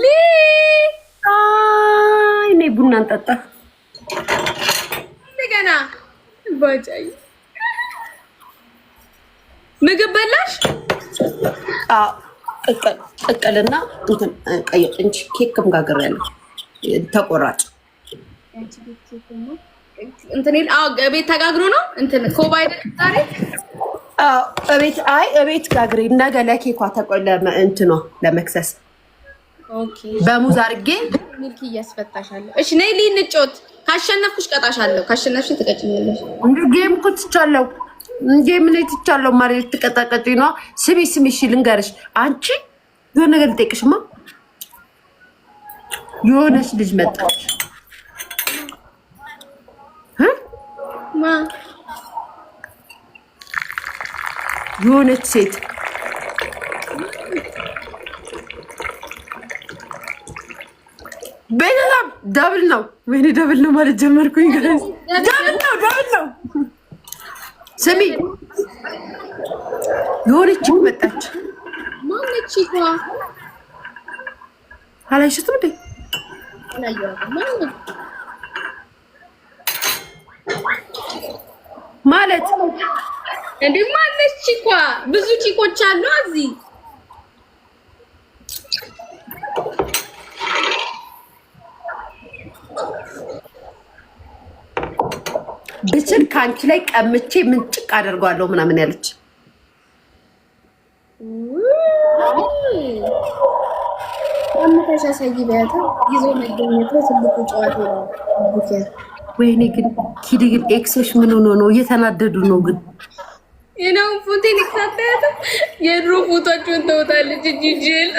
ሊ አይ ነይ ቡና እንጠጣ እንደገና። ባጫይ ምግብ በላሽ? አዎ ቅቅል ቅቅልና እንትን ቀይጭ እንጂ ኬክም ጋግሬያለሁ ተቆራጭ እንትን እቤት ተጋግሮ ነው እንትን ኮባ አይደል ዛሬ? እቤት አይ እቤት ጋግሬ ነገ ለኬኳ ተቆለ እንትኗ ለመክሰስ በሙዝ አድርጌ ሚልኪ እያስፈታሻለሁ። እሺ ነይ ልሂድ እንጫወት። ካሸነፍኩሽ ቀጣሻለሁ፣ ካሸነፍሽ ትቀጭኛለሽ። ጌም እኮ ትቻለሁ፣ ጌም ላይ ትቻለሁ። ማሪ ልትቀጣቀጭ ነው። ስሚ ስሚ፣ እሺ ልንገርሽ፣ አንቺ የሆነ ነገር ልጠይቅሽማ። የሆነች ልጅ መጣች። የሆነች ሴት በጣም ደብል ነው። ወይኔ ደብል ነው ማለት ጀመርኩኝ። ደብል ነው፣ ደብል ነው። ስሚ የሆነች መጣች። ማነች? አላየሽትም እንዴ? ማለት እንዴ? ማነች? ቺኳ ብዙ ቺኮች አሉ እዚህ ብችል ከአንቺ ላይ ቀምቼ ምን ጭቅ አደርጓለሁ ምናምን ያለች ወይኔ ግን ኪድ ግን ኤክሶች ምን ሆኖ ነው እየተናደዱ ነው? ግን የናው ፎቶ ሊካፈያት የድሮ ፎቶቸውን ተውታለች። ጅጅል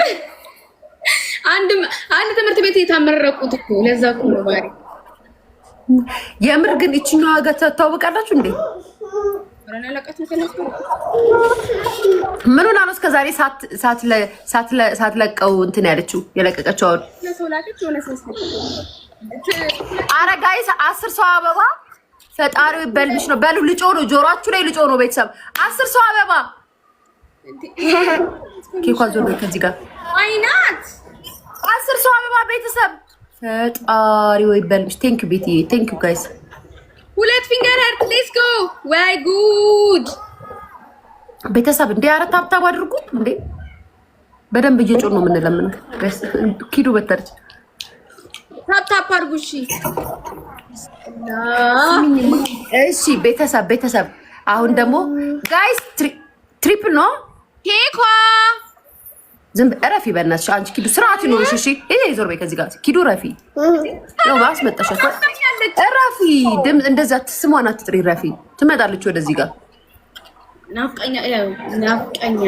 አንድ አንድ ትምህርት ቤት የታመረቁት እኮ ለዛ እኮ ነው ባሪ የምር ግን ይችኛዋ ጋር ታወቃላችሁ እንዴ? ምን ሆና ነው እስከ እስከዛሬ ሳትለቀው እንትን ያለችው የለቀቀችው? አሁን ኧረ ጋይስ አስር ሰው አበባ ፈጣሪው በልብሽ ነው በሉ። ልጮ ነው ጆሮአችሁ ላይ ልጮ ነው። ቤተሰብ አስር ሰው አበባ ኬኳ ዞ ከዚህ ጋር አይናት አስር ሰው አበባ ቤተሰብ ፈጣሪ ወይ በልሽ። ቴንክ ዩ ቤትዬ፣ ቴንክ ዩ ጋይስ። ሁለት ፊንገር ሄርት ሌትስ ጎ። ወይ ጉድ ቤተሰብ እንዴ! ኧረ ታብታብ አድርጉ እንዴ! በደንብ እየጮህ ነው የምንለምን። ኪዱ በተርች ታብታብ አድርጉ። እሺ እሺ፣ ቤተሰብ ቤተሰብ፣ አሁን ደግሞ ጋይስ ትሪፕ ነው ኬኳ ዝም ረፊ፣ በእናትሽ አንቺ ኪዱ ስርዓት ይኖርሽ። እሺ ይሄ ዞር በይ ከዚህ ጋር ኪዱ ረፊ ነው ማስመጣሻት። ረፊ ድም እንደዛ ስሟን አትጥሪ ረፊ፣ ትመጣለች ወደዚህ ጋር። ናፍቀኛ ናፍቀኛ።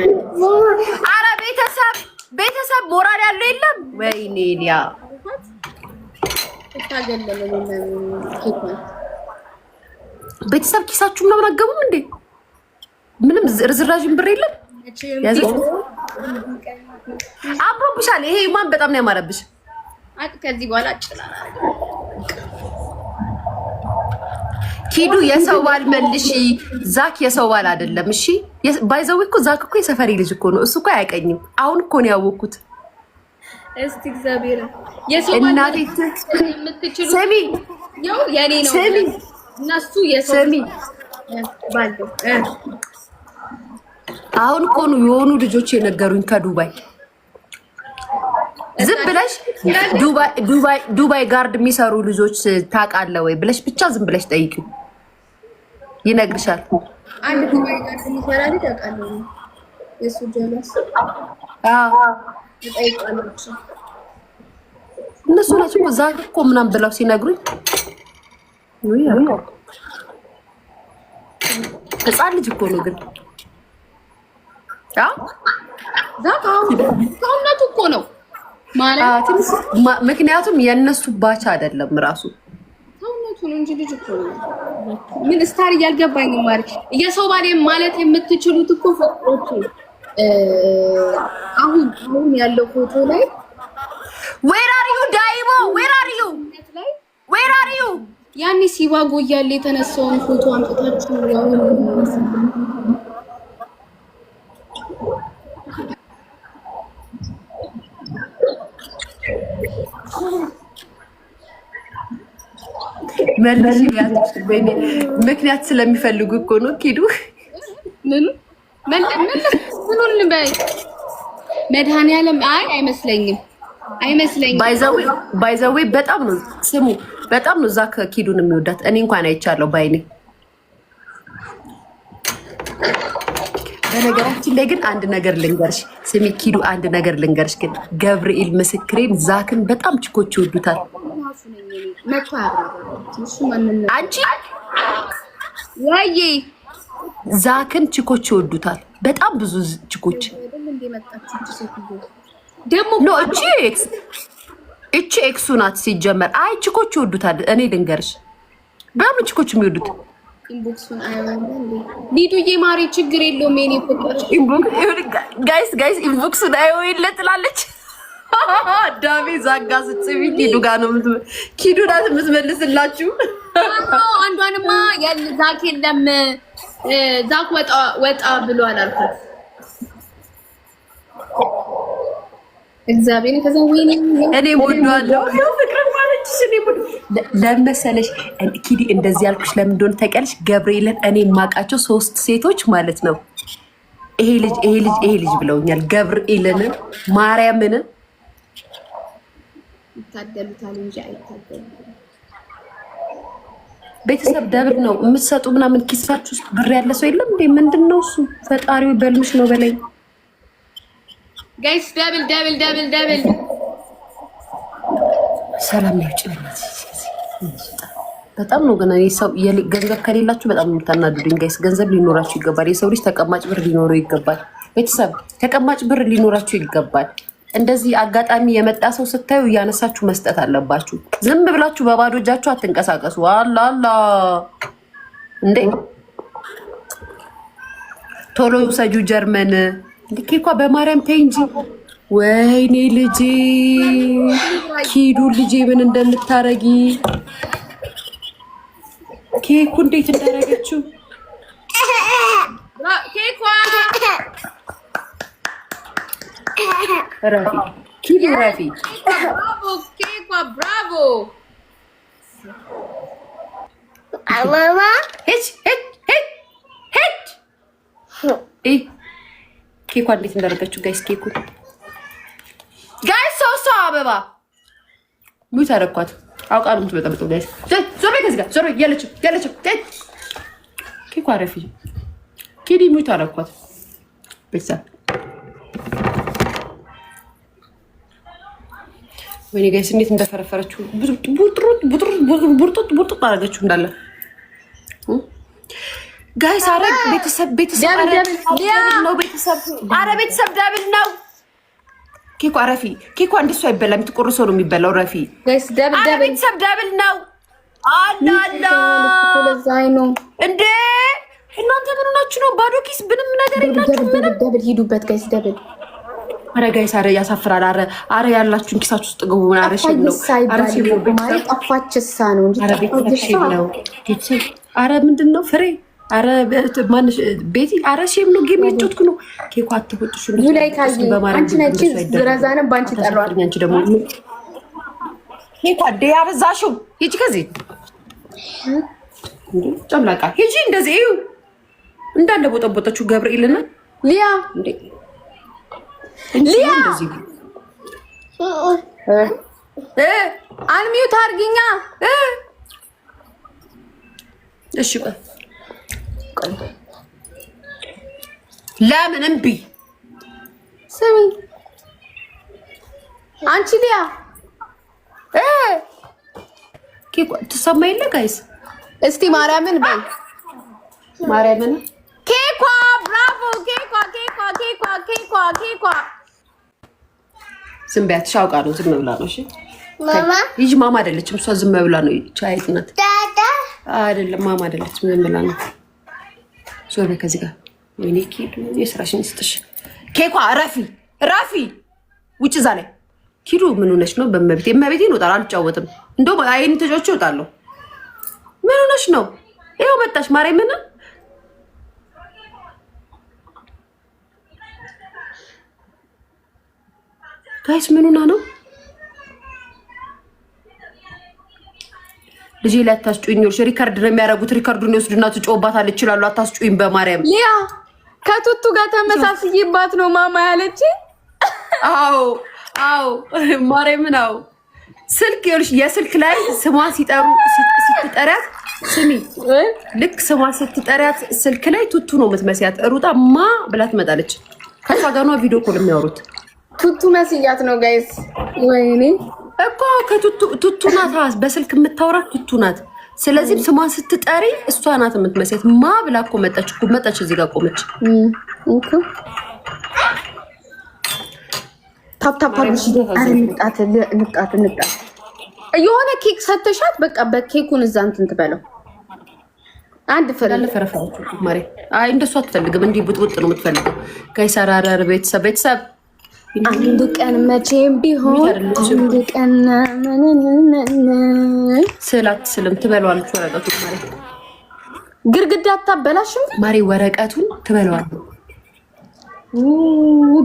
ኧረ ቤተሰብ ቤተሰብ ሞራል ያለው የለም። ወይ? ኔሊያ ቤተሰብ ኪሳችሁ ምናምን አገቡም እንዴ? ምንም ርዝራዥን ብር የለም አምሮብሻል። ይሄ ማን በጣም ነው ያማረብሽ። ከዚህ በኋላ ኪዱ የሰው ባል መልሽ። ዛክ የሰው ባል አይደለም። እሺ ባይዘዌ እኮ ዛክ እኮ የሰፈሪ ልጅ እኮ ነው። እሱ እኮ አያቀኝም። አሁን እኮ ነው ያወቅኩት። እስቲ እግዚአብሔር የሰው ባል የምትችሉ ስሚ፣ ያው የኔ ነው እና እሱ የሰው ባል አሁን እኮ ነው የሆኑ ልጆች የነገሩኝ ከዱባይ ዝም ብለሽ ዱባይ ጋርድ የሚሰሩ ልጆች ታቃለ ወይ ብለሽ ብቻ ዝም ብለሽ ጠይቂው ይነግርሻል። አንድ ዱባይ ጋርድ የሚሰራ ልጅ የሱ ጀለስ እነሱ ናቸው እዛ እኮ ምናምን ብለው ሲነግሩኝ ህፃን ልጅ እኮ ነው ግን ሰውነቱ እኮ ነው ማለት ምክንያቱም የእነሱ ባቻ አይደለም ራሱ ሰውነቱ ነው እንጂ ልጅ እኮ ነው። ምን ስታር እያልገባኝ ማለት የሰው ባሌ ማለት የምትችሉት እኮ ፎቶቹ አሁን አሁን ያለው ፎቶ ላይ ዌር አር ዩ ዌር አር ዩ ዌር አር ዩ ያኔ ሲባጎ እያለ የተነሳውን ፎቶ አምጥታችሁ ያሁን መልሽ። ምክንያት ስለሚፈልጉ እኮ ነው። ኪዱ ምኑን በይ መድኃኒዓለም። አይ አይመስለኝም፣ አይመስለኝም። ባይዘዌ በጣም ነው ስሙ፣ በጣም ነው እዛ ከኪዱን የሚወዳት እኔ እንኳን አይቻለሁ ባይኔ በነገራችን ላይ ግን አንድ ነገር ልንገርሽ፣ ስሚ ኪዱ፣ አንድ ነገር ልንገርሽ ግን ገብርኤል ምስክሬን ዛክን በጣም ችኮች ይወዱታል። አንቺ ወይ ዛክን ችኮች ይወዱታል። በጣም ብዙ ችኮች ደግሞ እቺ እቺ ኤክሱ ናት ሲጀመር። አይ ችኮች ይወዱታል። እኔ ልንገርሽ በምን ችኮች የሚወዱት ሊዱዬ ችግር የለውም። የኔ ፍቅር ጋይስ ጋይስ ኢንቦክሱን የለ ትላለች። ዳሜ ዛጋ ስጽቢ ኪዱ ጋ ነው ኪዱ ናት የምትመልስላችሁ። አንዷንማ ዛክ የለም ዛክ ወጣ ወጣ እግዚአብሔር ከዛ ወይኔ እኔ ወዷለሁ ፍቅር ማለች ለመሰለሽ ኪዲ እንደዚህ ያልኩሽ ለምን እንደሆነ ተቀልሽ። ገብርኤልን እኔ የማውቃቸው ሶስት ሴቶች ማለት ነው ይሄ ልጅ ይሄ ልጅ ይሄ ልጅ ብለውኛል። ገብርኤልንን፣ ማርያምንን ይታደሉታል እንጂ ቤተሰብ ደብር ነው የምትሰጡ ምናምን ኪሳች ውስጥ ብር ያለ ሰው የለም እንዴ? ምንድን ነው እሱ? ፈጣሪው በልምሽ ነው በላይ ጋይስ ደብል ደብል ደብል ደብል ሰላም ነው ጭብነት በጣም ነው ሰው ገንዘብ ከሌላችሁ በጣም ነው ድንጋይስ ገንዘብ ሊኖራችሁ ይገባል። የሰው ልጅ ተቀማጭ ብር ሊኖረው ይገባል። ቤተሰብ ተቀማጭ ብር ሊኖራችሁ ይገባል። እንደዚህ አጋጣሚ የመጣ ሰው ስታዩ እያነሳችሁ መስጠት አለባችሁ። ዝም ብላችሁ በባዶ እጃችሁ አትንቀሳቀሱ። አላ እንዴ ቶሎ ሰጁ ጀርመን ልኬ በማርያም ተይ እንጂ ወይኔ ልጄ ኪዱ ልጄ ምን እንደምታረጊ ኬኩ እንዴት እንዳረገችው ረፊ ኪዱ ረፊ ኬኳ እንዴት እንዳረገችው ጋይስ ኬኩ አበባ ሙት አደረኳት። አውቃ ነው የምትበጠብጠው። ዞር በይ ከዚህ ጋር ዞር በይ። ያለችም ያለችም ኬኳ አረፊ ኬዲ ሙት አደረኳት። ቤተሰብ ወይኔ ጋይስ እንዴት እንደፈረፈረችው ቡርጡጥ ቡርጡጥ አደረገችው እንዳለ ጋይስ። አረ ቤተሰብ ቤተሰብ ነው ቤተሰብ አረ ቤተሰብ ዳብል ነው ኬኳ ረፊ ኬኳ እንደሱ አይበላ የተቆረሰ ነው የሚበላው። ረፊ ቤተሰብ ደብል ነው አላላ እንዴ እናንተ ምን ሆናችሁ ነው? ባዶ ኪስ ምንም ነገር የላችሁ። ደብል ሂዱበት ጋይስ፣ ደብል አረ ጋይስ፣ አረ ያሳፍራል። አረ አረ ያላችሁን ኪሳችሁ ውስጥ ግቡ። ምን አረ ሸብ ነው አረ ነው ማለት ጠፋችሳ ነው እንጂ አረ ምንድን ነው ፍሬ አረ ማንሽ ቤቲ አረ ሼም ነው ጌም ነው። ኬኳ አንቺ ዝረዛንም በአንቺ ጠሯል። አንቺ ደግሞ ኬኳ ያበዛሽው ሂጂ ከዚህ ጨምላቃ ሂጂ እንደዚህ እዩ እንዳለ ቦጠቦጠችው ገብርኤልና ሊያ ሊያ አልሚው ታርጊኛ እሺ ቆይ ለምን እምቢ ስሚ አንቺ ሊያ ትሰማ የለ ጋይስ እስቲ ማርያምን በይ ማርያምን ኬኳ ብራቮ ኬኳ ኬኳ ኬኳ ኬኳ ኬኳ ዝም በያት። ሻውቃ ነው ዝም ብላ ነው። እሺ ማማ ይጅ ማማ አይደለችም እሷ ዝም ብላ ነው። ቻይት ናት አይደለም ማማ አይደለችም ዝም ብላ ነው። ዞር ከዚህ ጋር ወይኔ ኪዱ የስራሽን ይስጥሽ። ኬኳ ረፊ ረፊ ውጭ እዛ ላይ ኪዱ ምን ሆነሽ ነው? በመቤቴ መቤቴ ነው ጣል አልጫወትም። እንደውም አይን ተጫውቼ እወጣለሁ። ምን ሆነሽ ነው? ይኸው መጣሽ ማርያም ምን ጋይስ ምን ሆና ነው? ልጄ ላይ አታስጩኝልሽ። ሪከርድ ነው የሚያደርጉት። ሪከርዱን ይወስዱና ትጮባታለች ይችላሉ። አታስጩኝ በማርያም ያ ከቱቱ ጋር ተመሳስይባት ነው ማማ ያለች። አዎ አዎ፣ ማርያምን አዎ። ስልክ ይኸውልሽ፣ የስልክ ላይ ስሟ ሲጠሩ ስትጠሪያት፣ ስሚ ልክ ስሟ ስትጠሪያት ስልክ ላይ ቱቱ ነው የምትመስያት። ሩጣ ማ ብላ ትመጣለች። ከሷ ጋር ነው ቪዲዮ ኮል የሚያወሩት። ቱቱ መስያት ነው ጋይስ። ወይኔ እኮ ከቱቱ ናት፣ በስልክ የምታወራት ቱቱ ናት። ስለዚህም ስሟን ስትጠሪ እሷ ናት የምትመስያት። ማ ብላ እኮ መጣች እኮ መጣች፣ እዚህ ጋር ቆመች። የሆነ ኬክ ሰተሻት፣ በቃ በኬኩን እዛ እንትን ትበለው። አንድ ፈረፈረፋ ማሪ። አይ እንደሱ አትፈልግም፣ እንዲህ ቡጥቡጥ ነው የምትፈልገው። ከይሰራረር ቤተሰብ ቤተሰብ አንድ ቀን መቼም ቢሆን አንድ ቀን ምንንንን ስዕል አትስልም ትበለዋለች። ወረቀቱን ግርግዳ አታበላሽም ማሪ ወረቀቱን ትበለዋለች።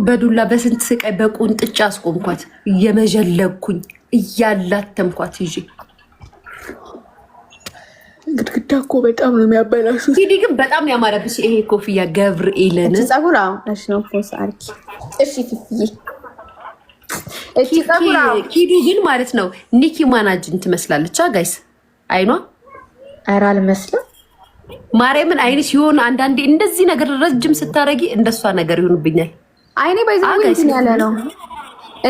በዱላ በስንት ስቃይ በቁንጥጫ አስቆምኳት፣ እየመጀለኩኝ እያላተምኳት ይዤ ቡዳ እኮ በጣም ነው የሚያበላሹ። ቴዲ ግን በጣም ያማረብሽ ይሄ ኮፍያ ገብርኤልን ጸጉር ነው ፎስ አርኪ። እሺ፣ ኪዱ ግን ማለት ነው ኒኪ ማናጅን ትመስላለች። ጋይስ አይኗ ኧረ አልመስልም። ማርያምን አይን ሲሆን አንዳንዴ እንደዚህ ነገር ረጅም ስታረጊ እንደሷ ነገር ይሆንብኛል። አይኔ ባይዘ ያለ ነው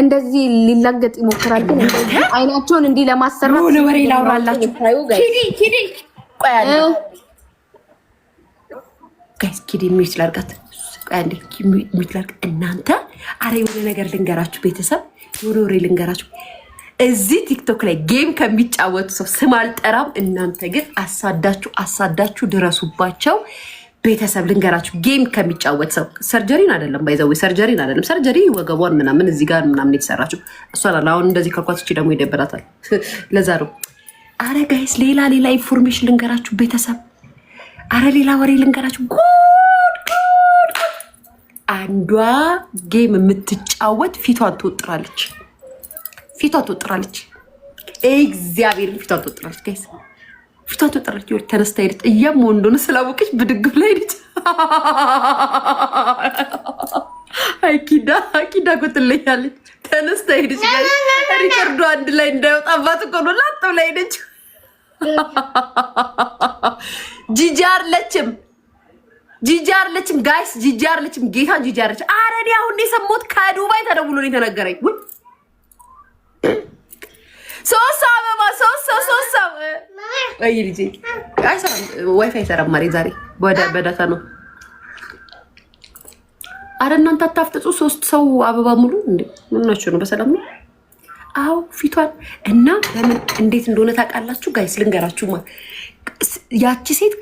እንደዚህ ሊላገጥ ይሞክራል። አይናቸውን እንዲህ ለማሰራት ወሬ ላውራላችሁ ኪዲ ኪዲ ቆይ አንዴ ጋይስ ኪድ እናንተ አረ የሆነ ነገር ልንገራችሁ፣ ቤተሰብ የሆነ ወሬ ልንገራችሁ። እዚህ ቲክቶክ ላይ ጌም ከሚጫወቱ ሰው ስም አልጠራም። እናንተ ግን አሳዳችሁ አሳዳችሁ ድረሱባቸው። ቤተሰብ ልንገራችሁ፣ ጌም ከሚጫወት ሰው ሰርጀሪን አይደለም ባይዘዌ ሰርጀሪን አይደለም። ሰርጀሪ ወገቧን ምናምን እዚህ ጋር ምናምን የተሰራችሁ እሷ አሁን እንደዚህ ከኳስቺ ደግሞ ይደበራታል። ለዛ ነው አረ ጋይስ ሌላ ሌላ ኢንፎርሜሽን ልንገራችሁ ቤተሰብ። አረ ሌላ ወሬ ልንገራችሁ። ጉድ ጉድ አንዷ ጌም የምትጫወት ፊቷን ትወጥራለች፣ ፊቷን ትወጥራለች፣ እግዚአብሔር ፊቷን ትወጥራለች። ጋይስ ፊቷን ትወጥራለች። ይኸውልህ ተነስታ ሄደች። እያም ወንዶን ስላወቀች ብድግብ ላይ ሄደች። ኪዳ ኪዳ ጎትለኛለች። ተነስታ ሄደች። ሪከርዶ አንድ ላይ እንዳይወጣ አባት ነው ላጥ ብላ ሄደች ጂጂ አለችም ጂጂ አለችም ጋይስ ጂጂ አለችም ጌታ ጂጂ አለች። አረ እኔ አሁን የሰማሁት ከዱባይ ተደውሎ ነው የተነገረኝ። ሶስት አበባ ሶስት ሰው ሶስት ሰው ወይ ልጄ አይሰራም፣ ዋይፋይ አይሰራም። ማሬ ዛሬ በዳታ ነው። አረ እናንተ አታፍጥጹ። ሶስት ሰው አበባ ሙሉ እንዴ! ምናችሁ ነው? በሰላም ነው አው ፊቷን እና ለምን እንዴት እንደሆነ ታውቃላችሁ? ጋይስ ልንገራችሁ ማለት ያቺ ሴት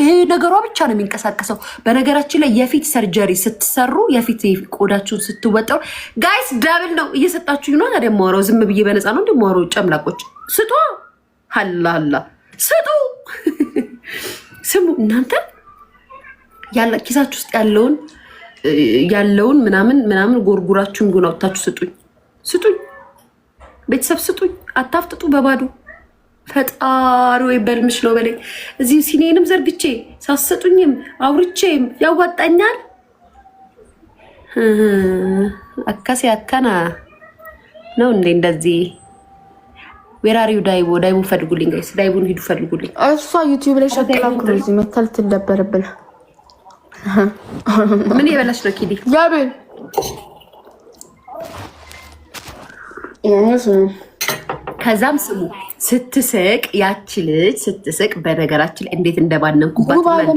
ይሄ ነገሯ ብቻ ነው የሚንቀሳቀሰው። በነገራችን ላይ የፊት ሰርጀሪ ስትሰሩ የፊት ቆዳችሁን ስትወጠሩ ጋይስ ዳብል ነው እየሰጣችሁ ነው። ታዲያ የማወራው ዝም ብዬ በነፃ ነው እንደማወራው። ጨምላቆች ስጡ፣ ሀላላ ስጡ። ስሙ እናንተ ኪሳችሁ ውስጥ ያለውን ያለውን ምናምን ምናምን ጎርጉራችሁን ጎናውታችሁ ስጡኝ፣ ስጡኝ ቤተሰብ ስጡኝ፣ አታፍጥጡ በባዶ ፈጣሪ ወይ በልምሽ ነው በላይ እዚህ ሲኔንም ዘርግቼ ሳሰጡኝም አውርቼም ያዋጣኛል። አካሴ አካና ነው እንዴ እንደዚህ ዌራሪው ዳይቦ ዳይቦ ፈልጉልኝ ጋይስ፣ ዳይቦን ሂዱ ፈልጉልኝ። እሷ ዩቲዩብ ላይ ሸክላ ክሩዝ መተል ትደበርብን። ምን የበላሽ ነው ኪዲ ያቤል ከዛም ስሙ ስትስቅ ያቺ ልጅ ስትስቅ፣ በነገራችን ላይ እንዴት እንደባነንኩባት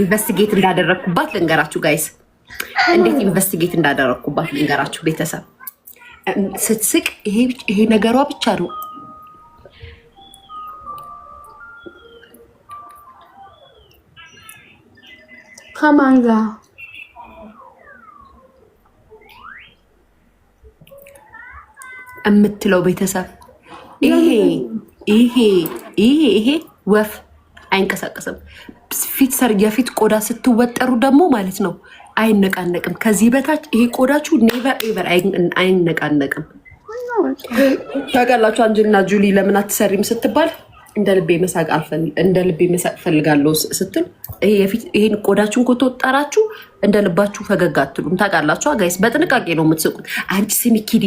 ኢንቨስቲጌት እንዳደረግኩባት ልንገራችሁ ጋይስ፣ እንዴት ኢንቨስቲጌት እንዳደረግኩባት ልንገራችሁ ቤተሰብ። ስትስቅ ይሄ ነገሯ ብቻ ነው። ከማን ጋር የምትለው ቤተሰብ ይሄ ይሄ ይሄ ይሄ ወፍ አይንቀሳቀስም። ፊት ሰር የፊት ቆዳ ስትወጠሩ ደግሞ ማለት ነው አይነቃነቅም። ከዚህ በታች ይሄ ቆዳችሁ ኔቨር ኤቨር አይነቃነቅም። ታውቃላችሁ አንጅልና ጁሊ ለምን አትሰሪም ስትባል እንደ ልቤ መሳቅ ፈልጋለሁ ስትል ይሄን ቆዳችሁን ከተወጠራችሁ እንደ ልባችሁ ፈገግ አትሉም። ታውቃላችሁ ጋይስ፣ በጥንቃቄ ነው የምትስቁት። አንቺ ስሚኪዲ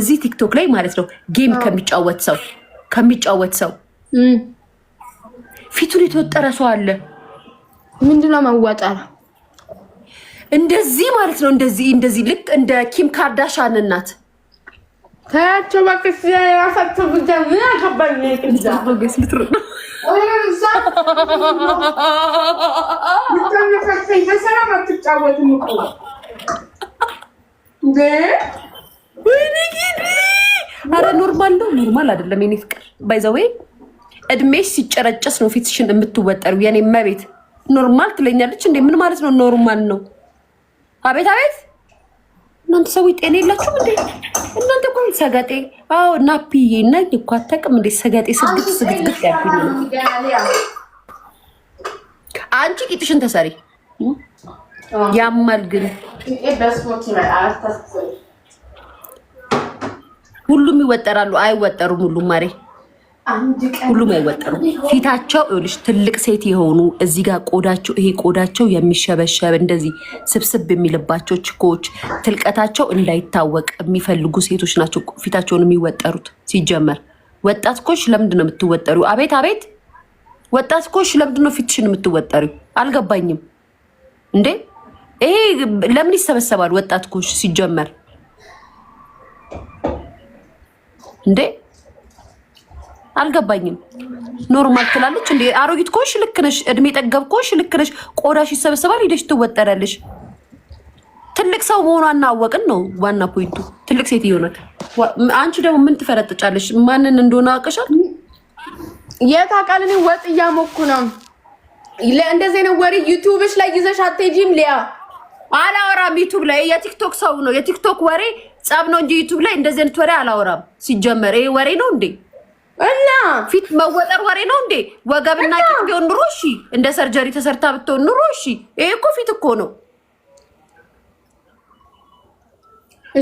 እዚህ ቲክቶክ ላይ ማለት ነው ጌም ከሚጫወት ሰው ከሚጫወት ሰው ፊቱን የተወጠረ ሰው አለ። ምንድነው መወጠር? እንደዚህ ማለት ነው እንደዚህ እንደዚህ ልክ እንደ ኪም ካርዳሻን እናት ታያቸው እባክሽ፣ የራሳቸው ጉዳይ ምን አገባኝ። ኖርማል ነው ኖርማል አይደለም የኔ ፍቅር። እድሜሽ ሲጨረጨስ ነው ፊትሽን የምትወጠሪው። የኔ መቤት ኖርማል ትለኛለች እንዴ? ምን ማለት ነው ኖርማል ነው? አቤት አቤት! እናንተ ሰዎች ጤና የላችሁም እንዴ? እናንተ እኮ ሰገጤ። አዎ ናፒዬ እና እኮ አታውቅም እንዴ? ሰገጤ ስግት ስግት ያልኩኝ አንቺ ቂጥሽን ተሰሪ ያማል ግን ሁሉም ይወጠራሉ። አይወጠሩም ሁሉም ማሬ ሁሉም ያይወጠሩ ፊታቸው ልጅ ትልቅ ሴት የሆኑ እዚህ ጋር ቆዳቸው ይሄ ቆዳቸው የሚሸበሸብ እንደዚህ ስብስብ የሚልባቸው ችኮች ትልቀታቸው እንዳይታወቅ የሚፈልጉ ሴቶች ናቸው ፊታቸውን የሚወጠሩት። ሲጀመር ወጣት ኮሽ ለምንድን ነው የምትወጠሩ አቤት አቤት፣ ወጣት ኮሽ ለምንድን ነው ፊትሽን የምትወጠሩ? አልገባኝም እንዴ ይሄ ለምን ይሰበሰባል? ወጣት ኮሽ ሲጀመር እንዴ አልገባኝም። ኖርማል ትላለች እንዴ? አሮጊት ኮሽ ልክ ነሽ፣ እድሜ ጠገብ ኮሽ ልክ ነሽ። ቆዳሽ ይሰበሰባል፣ ሂደሽ ትወጠራለሽ። ትልቅ ሰው መሆኗን እናወቅን ነው ዋና ፖይንቱ። ትልቅ ሴት ይሆናል። አንቺ ደግሞ ምን ትፈረጥጫለሽ? ማንን እንደሆነ አውቀሻል። የት አውቃል? እኔ ወጥ እያሞኩ ነው። ለእንደዚህ ነው ወሬ ዩቲዩብሽ ላይ ይዘሽ አትሄጂም ሊያ አላወራም ዩቱብ ላይ የቲክቶክ ሰው ነው። የቲክቶክ ወሬ ጸብ ነው እንጂ ዩቱብ ላይ እንደዚህ አይነት ወሬ አላወራም። ሲጀመር ይሄ ወሬ ነው እንዴ? እና ፊት መወጠር ወሬ ነው እንዴ? ወገብና ቂጥ ቢሆን ኑሮ እሺ፣ እንደ ሰርጀሪ ተሰርታ ብትሆን ኑሮ እሺ። ይሄ እኮ ፊት እኮ ነው።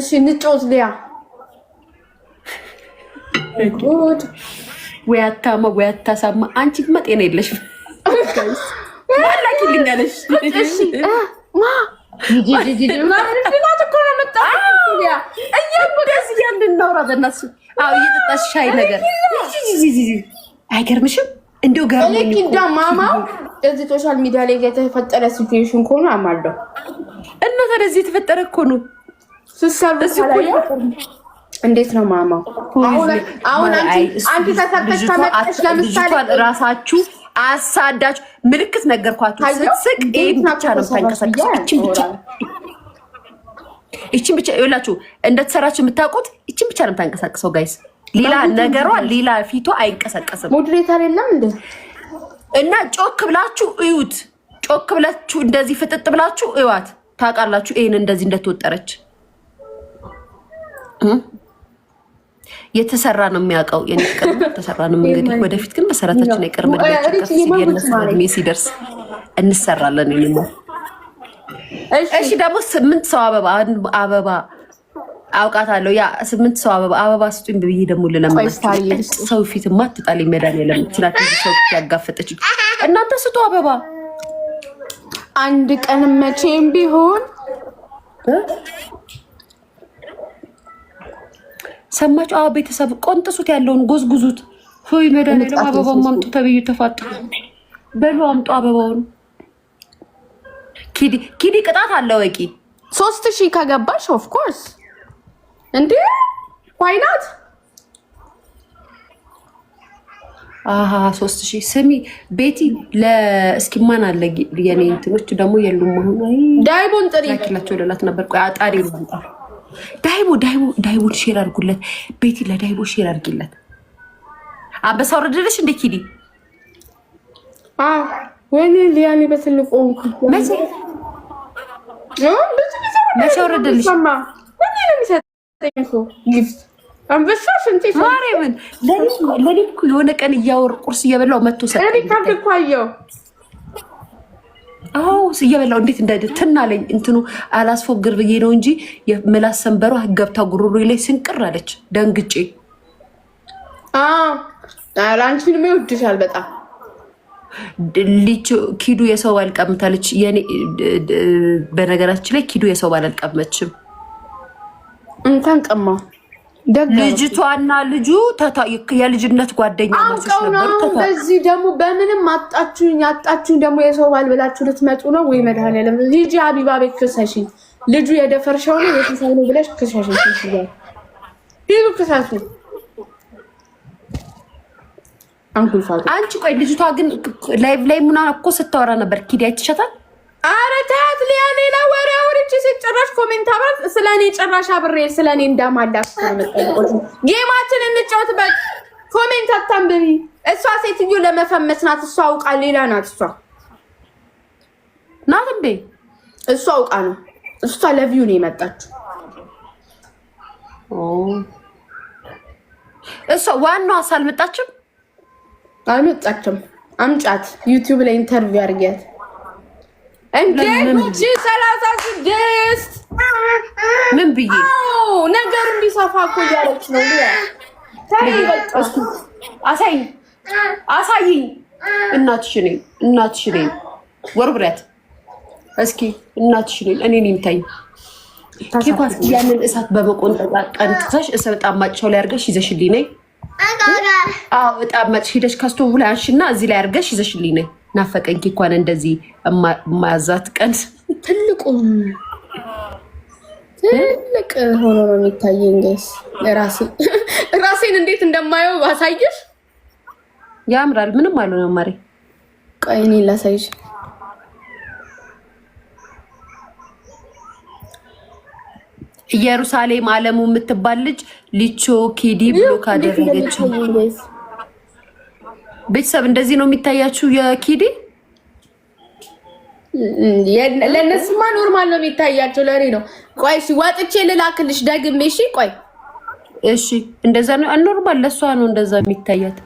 እሺ ንጮት ሊያ ጉድ ወይ አታማ ወይ አታሳማ። አንቺማ ጤና የለሽም። ማላኪልኛለሽ እኮ ነው መጣ እያንደስ እያንድናውራ በእናትሽ አዎ እየጠጣሽ ሻይ ነገር አይገርምሽም? እንደው ማማው እዚህ ሶሻል ሚዲያ ላይ የተፈጠረ ሲትዌሽን ከሆነ አማለሁ እና የተፈጠረ እኮ ነው እንዴት ነው ማማው? አሁን አንቺ ለምሳሌ ራሳችሁ አሳዳችሁ ምልክት ነገርኳችሁ። ስትስቅ ይህ ብቻ ነው ታንቀሳቀሱ። ብቻ ይላችሁ እንደተሰራችሁ የምታውቁት ይችን ብቻ ነው የምታንቀሳቅሰው ጋይስ። ሌላ ነገሯ ሌላ ፊቷ አይንቀሳቀስም። ሞዴሬተር የለም እንደ እና ጮክ ብላችሁ እዩት። ጮክ ብላችሁ እንደዚህ ፍጥጥ ብላችሁ እዩዋት። ታውቃላችሁ ይሄን እንደዚህ እንደተወጠረች የተሰራ ነው የሚያውቀው የተሰራ ነው። እንግዲህ ወደፊት ግን መሰረታችን አይቀርም እድሜ ሲደርስ እንሰራለን። እሺ ደግሞ ስምንት ሰው አበባ አበባ አውቃታለሁ። ያ ስምንት ሰው አበባ አበባ ስጡኝ ብዬ ደግሞ ልለምናት ሰው ፊት ማትጣል መዳን የለም። ችላት ሰው ያጋፈጠች እናንተ ስጡ አበባ። አንድ ቀን መቼም ቢሆን ሰማችሁ? አዎ ቤተሰብ ቆንጥሱት፣ ያለውን ጎዝጉዙት። ሆይ መዳን የለም። አበባውን ማምጡ ተብዩ ተፋጥ በሉ አምጡ አበባውን። ኪዲ ኪዲ ቅጣት አለ ወቂ ሶስት ሺህ ከገባሽ ኦፍኮርስ እንዴ ዋይናት አሀ ሶስት ሺህ ስሚ ቤቲ ለእስኪ ማን አለ የኔ እንትኖች ደግሞ የሉም። መሆኑ ዳይቦን ጥሪ ላኪላቸው ልላት ነበር። ቆይ አጣሪ ዳይቦ ዳይቦ ዳይቦን ሼር አድርጉለት። ቤቲ ለዳይቦ ሼር አድርጊለት። አንበሳ ወረደልሽ እንደ ኪዲ ወይኔ ሊያኔ በትልቆ መቼ ወረደልሽ? አንበሳ ስንት ማርያምን ለሊት እኮ የሆነ ቀን እያወር ቁርስ እየበላው መቶ እኮ አየው። አዎ እየበላው እንዴት እንዳይደ ትናለኝ እንትኑ ነው እንጂ የምላስ ሰንበሯ ገብታ ጉሮሮ ላይ ስንቅር አለች። ደንግጬ ይወድሻል በጣም ኪዱ የሰው ባልቀምታለች። በነገራችን ላይ ኪዱ የሰው ባላልቀመችም እንኳን ቀማው። ልጅቷና ልጁ የልጅነት ጓደኛ ናቸው። በዚህ ደግሞ በምንም አጣችሁኝ አጣችሁኝ፣ ደግሞ የሰው ባል ብላችሁ ልትመጡ ነው ወይ? መድኃኒዓለም ልጅ አቢባ ቤት ክሰሽ፣ ልጁ የደፈርሻው ነው የትንሳይ ነው ብለሽ ክሰሽ። ይሉ ክሰሱ አንቺ። ቆይ ልጅቷ ግን ላይቭ ላይ ምናምን እኮ ስታወራ ነበር። ኪዳ ይትሸታል። አረ ተያት ሊያ ሌላ ወሬ ያቺ ሴት ጭራሽ ኮሜንት አባት ስለ እኔ ጭራሽ አብሬ ስለ እኔ እንዳማላስ ጌማችን እንጫወትበት። ኮሜንት አታንብቢ። እሷ ሴትዮ ለመፈመስ ናት። እሷ አውቃ ሌላ ናት። እሷ ናት እንዴ? እሷ አውቃ ነው። እሷ ለቪው ነው የመጣችው። እሷ ዋናዋ አልመጣችም፣ አልመጣችም። አምጫት ዩቲዩብ ላይ ኢንተርቪው አድርጊያት። እንዴ ጉቺ ሰላሳ ስድስት ምን ብዬ ነገር እንዲሰፋ እኮ እያለች ነው። አሳይኝ አሳይኝ። እናትሽ ነኝ እናትሽ ነኝ ወር እስኪ እናትሽ ነኝ እኔን ይምታኝ። ያንን እሳት በመቆንጠጣ ቀንጥሰሽ በጣም ላይ አድርገሽ ይዘሽልኝ ነይ። እጣ ማጭ ሄደሽ ከስቶቡ ላይ አንሺና እዚህ ላይ አድርገሽ ይዘሽልኝ ነይ ናፈቀኝ እንኳን እንደዚህ ማያዛት ቀን ትልቁ ትልቅ ሆኖ ነው የሚታየኝ። ጋይስ ራሴን እንዴት እንደማየው ባሳየሽ ያምራል። ምንም አልሆነም። ማሪ ቆይ እኔ ላሳይሽ። ኢየሩሳሌም አለሙ የምትባል ልጅ ሊቾ ኪዲ ብሎ ካደረገችው ቤተሰብ እንደዚህ ነው የሚታያችሁ የኪዲ ለእነሱማ ኖርማል ነው የሚታያቸው። ለእኔ ነው። ቆይ እሺ፣ ወጥቼ ልላክልሽ ደግሜ። እሺ፣ ቆይ እሺ። እንደዛ ነው ኖርማል። ለእሷ ነው እንደዛ የሚታያት።